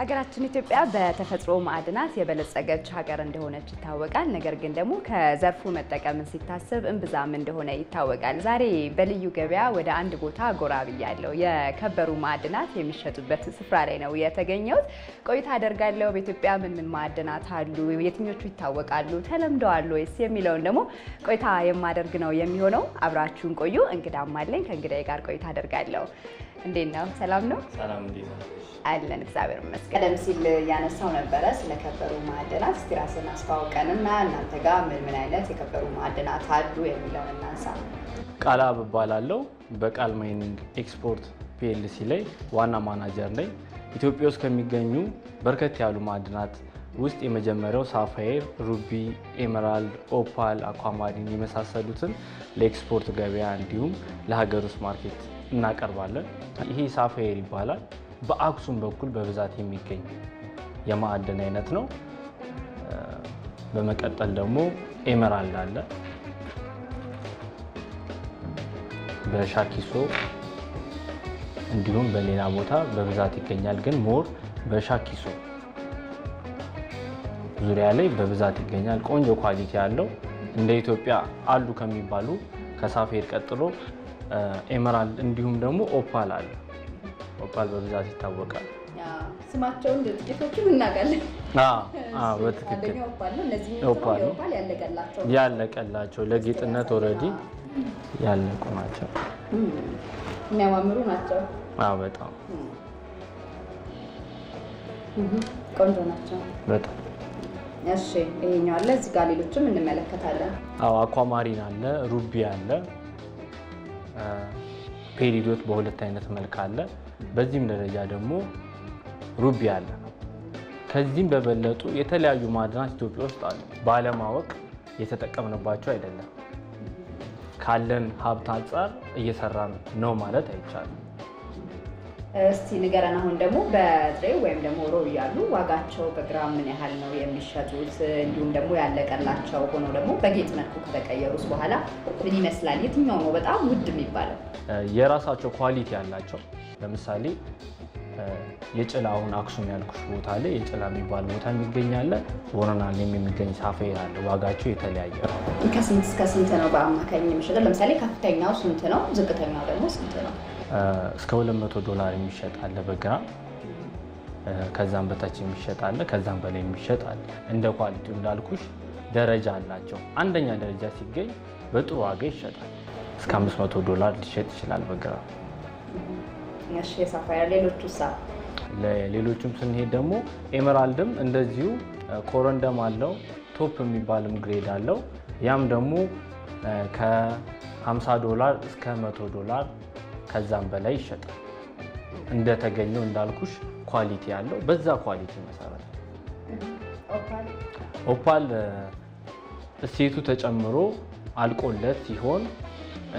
ሀገራችን ኢትዮጵያ በተፈጥሮ ማዕድናት የበለጸገች ሀገር እንደሆነች ይታወቃል። ነገር ግን ደግሞ ከዘርፉ መጠቀምን ሲታሰብ እምብዛም እንደሆነ ይታወቃል። ዛሬ በልዩ ገበያ ወደ አንድ ቦታ ጎራ ብያለሁ። የከበሩ ማዕድናት የሚሸጡበት ስፍራ ላይ ነው የተገኘሁት። ቆይታ አደርጋለሁ። በኢትዮጵያ ምን ምን ማዕድናት አሉ፣ የትኞቹ ይታወቃሉ፣ ተለምደዋል ወይስ የሚለውን ደግሞ ቆይታ የማደርግ ነው የሚሆነው። አብራችሁን ቆዩ። እንግዳም አለኝ። ከእንግዳዬ ጋር ቆይታ አደርጋለሁ። እንዴት ነው? ሰላም ነው? ሰላም አለን። እግዚአብሔር ይመስገን። ቀደም ሲል ያነሳው ነበረ ስለ ከበሩ ማዕድናት። እስቲ ራስን አስተዋውቀንና እናንተ ጋር ምን ምን አይነት የከበሩ ማዕድናት አሉ የሚለውን እናንሳ። ቃላ ብባላለው በቃል ማይኒንግ ኤክስፖርት ፒኤልሲ ላይ ዋና ማናጀር ነኝ። ኢትዮጵያ ውስጥ ከሚገኙ በርከት ያሉ ማዕድናት ውስጥ የመጀመሪያው ሳፋየር፣ ሩቢ፣ ኤመራልድ፣ ኦፓል፣ አኳማሪን የመሳሰሉትን ለኤክስፖርት ገበያ እንዲሁም ለሀገር ውስጥ ማርኬት እናቀርባለን። ይሄ ሳፋየር ይባላል። በአክሱም በኩል በብዛት የሚገኝ የማዕድን አይነት ነው። በመቀጠል ደግሞ ኤመራልድ አለ። በሻኪሶ እንዲሁም በሌላ ቦታ በብዛት ይገኛል። ግን ሞር በሻኪሶ ዙሪያ ላይ በብዛት ይገኛል። ቆንጆ ኳሊቲ ያለው እንደ ኢትዮጵያ አሉ ከሚባሉ ከሳፌር ቀጥሎ ኤመራልድ እንዲሁም ደግሞ ኦፓል አለ። ኦፓል በብዛት ይታወቃል። ስማቸውን ድርጅቶቹ እናውቃለን። በትክክል ያለቀላቸው ለጌጥነት ኦልሬዲ ያለቁ ናቸው። የሚያማምሩ ናቸው። በጣም ቆንጆ ናቸው። በጣም እሺ። ይሄኛው አለ እዚህ ጋር ሌሎችም እንመለከታለን። አኳማሪን አለ፣ ሩቢ አለ፣ ፔሪዶት በሁለት አይነት መልክ አለ። በዚህም ደረጃ ደግሞ ሩቢ አለ። ከዚህም በበለጡ የተለያዩ ማዕድናት ኢትዮጵያ ውስጥ አሉ። ባለማወቅ የተጠቀምንባቸው አይደለም። ካለን ሀብት አንጻር እየሰራን ነው ማለት አይቻልም። እስቲ ንገረን። አሁን ደግሞ በጥሬ ወይም ደግሞ ሮ እያሉ ዋጋቸው በግራም ምን ያህል ነው የሚሸጡት? እንዲሁም ደግሞ ያለቀላቸው ሆኖ ደግሞ በጌጥ መልኩ ከተቀየሩት በኋላ ምን ይመስላል? የትኛው ነው በጣም ውድ የሚባለው? የራሳቸው ኳሊቲ ያላቸው ለምሳሌ የጭላ አሁን አክሱም ያልኩሽ ቦታ ላይ የጭላ የሚባል ቦታ የሚገኛለ ቦረና የሚገኝ ሳፌ አለ። ዋጋቸው የተለያየ ነው። ከስንት እስከ ስንት ነው በአማካኝ የሚሸጠው? ለምሳሌ ከፍተኛው ስንት ነው? ዝቅተኛው ደግሞ ስንት ነው? እስከ 200 ዶላር የሚሸጥ አለ በግራም ከዛም በታች የሚሸጥ አለ፣ ከዛም በላይ የሚሸጥ አለ። እንደ ኳሊቲው እንዳልኩሽ ደረጃ አላቸው። አንደኛ ደረጃ ሲገኝ በጥሩ ዋጋ ይሸጣል። እስከ 500 ዶላር ሊሸጥ ይችላል በግራም። ሌሎቹም ስንሄድ ደግሞ ኤመራልድም እንደዚሁ ኮረንደም አለው፣ ቶፕ የሚባልም ግሬድ አለው። ያም ደግሞ ከ50 ዶላር እስከ 100 ዶላር ከዛም በላይ ይሸጣል። እንደተገኘው እንዳልኩሽ ኳሊቲ ያለው በዛ ኳሊቲ መሰረት ኦፓል እሴቱ ተጨምሮ አልቆለት ሲሆን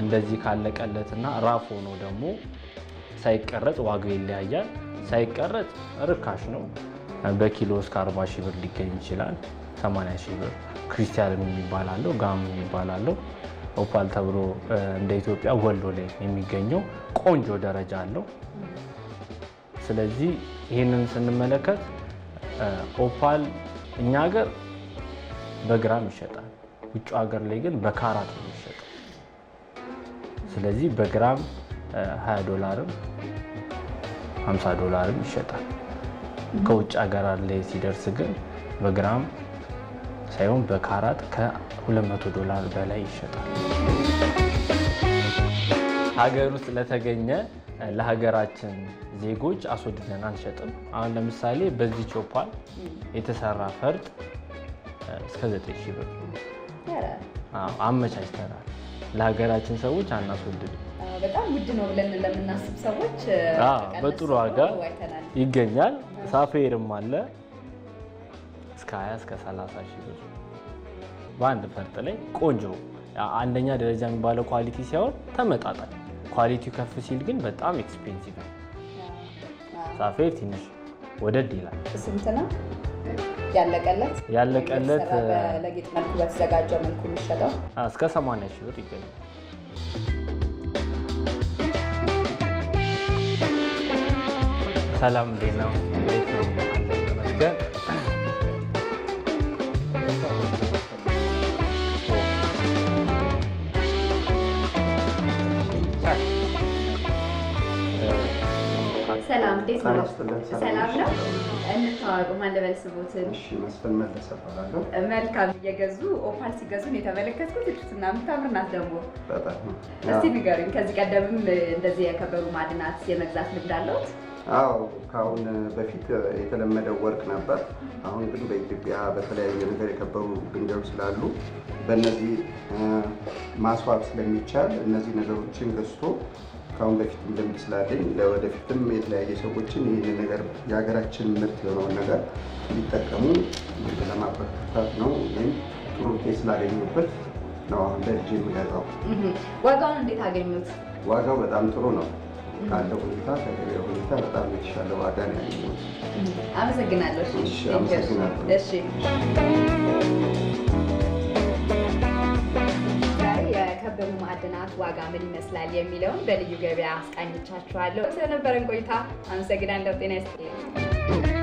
እንደዚህ ካለቀለትና ራፍ ሆኖ ደግሞ ሳይቀረጽ ዋጋው ይለያያል። ሳይቀረጽ ርካሽ ነው። በኪሎ እስከ 40 ሺህ ብር ሊገኝ ይችላል። 80 ሺህ ብር። ክሪስታል የሚባል አለው፣ ጋም የሚባል አለው። ኦፓል ተብሎ እንደ ኢትዮጵያ ወሎ ላይ የሚገኘው ቆንጆ ደረጃ አለው። ስለዚህ ይህንን ስንመለከት ኦፓል እኛ ሀገር በግራም ይሸጣል፣ ውጭ ሀገር ላይ ግን በካራት ነው ይሸጣል። ስለዚህ በግራም 20 ዶላርም 50 ዶላርም ይሸጣል። ከውጭ ሀገር ላይ ሲደርስ ግን በግራም ሳይሆን በካራት ከ200 ዶላር በላይ ይሸጣል። ሀገር ውስጥ ለተገኘ ለሀገራችን ዜጎች አስወድደን አንሸጥም። አሁን ለምሳሌ በዚህ ቾፓል የተሰራ ፈርጥ እስከ 9 ሺህ ብር አመቻችተናል። ለሀገራችን ሰዎች አናስወድድም። በጣም ውድ ነው ብለን ለምናስብ ሰዎች በጥሩ ዋጋ ይገኛል። ሳፌርም አለ እስከ 20 እስከ 30 ሺህ ብር በአንድ ፈርጥ ላይ ቆንጆ አንደኛ ደረጃ የሚባለው ኳሊቲ ሲሆን ተመጣጣኝ፣ ኳሊቲው ከፍ ሲል ግን በጣም ኤክስፔንሲቭ ነው። ሳፌር ትንሽ ወደድ ይላል። ስንት ነው ያለቀለት? ያለቀለት ለጌጥ መልኩ በተዘጋጀው መልኩ የሚሸጠው እስከ 80 ሺህ ብር ይገኛል። ሰላም፣ እንዴት ነው? ሰላም ነው? እንተዋወቅ። ማን ልበል መስፍን መለሰ እባላለሁ። መልካም። እየገዙ ኦፓል ሲገዙ የተመለከትኩት። የምታምር ናት ደግሞ እስቲ ንገሩኝ፣ ከዚህ ቀደምም እንደዚህ የከበሩ ማዕድናት የመግዛት ልምድ አለዎት? አዎ፣ ከአሁን በፊት የተለመደው ወርቅ ነበር። አሁን ግን በኢትዮጵያ በተለያየ ነገር የከበሩ ድንጋዮች ስላሉ በእነዚህ ማስዋብ ስለሚቻል እነዚህ ነገሮችን ገዝቶ ከአሁን በፊት ልምድ ስላለኝ ለወደፊትም የተለያዩ ሰዎችን ይህን ነገር የሀገራችን ምርት የሆነውን ነገር እንዲጠቀሙ ለማበረታታት ነው። ወይም ጥሩ ውጤት ስላገኙበት ነው አሁን ለልጅ የምገዛው። ዋጋውን እንዴት አገኙት? ዋጋው በጣም ጥሩ ነው። ካለው ሁኔታ ከገበያ ሁኔታ በጣም የተሻለ ዋጋ ነው ያገኘሁት። አመሰግናለሁ። አመሰግናለሁ። ዋጋ ምን ይመስላል የሚለውን በልዩ ገበያ አስቃኝቻችኋለሁ። ስለነበረን ቆይታ አመሰግናለሁ። ጤና ይስጥልኝ።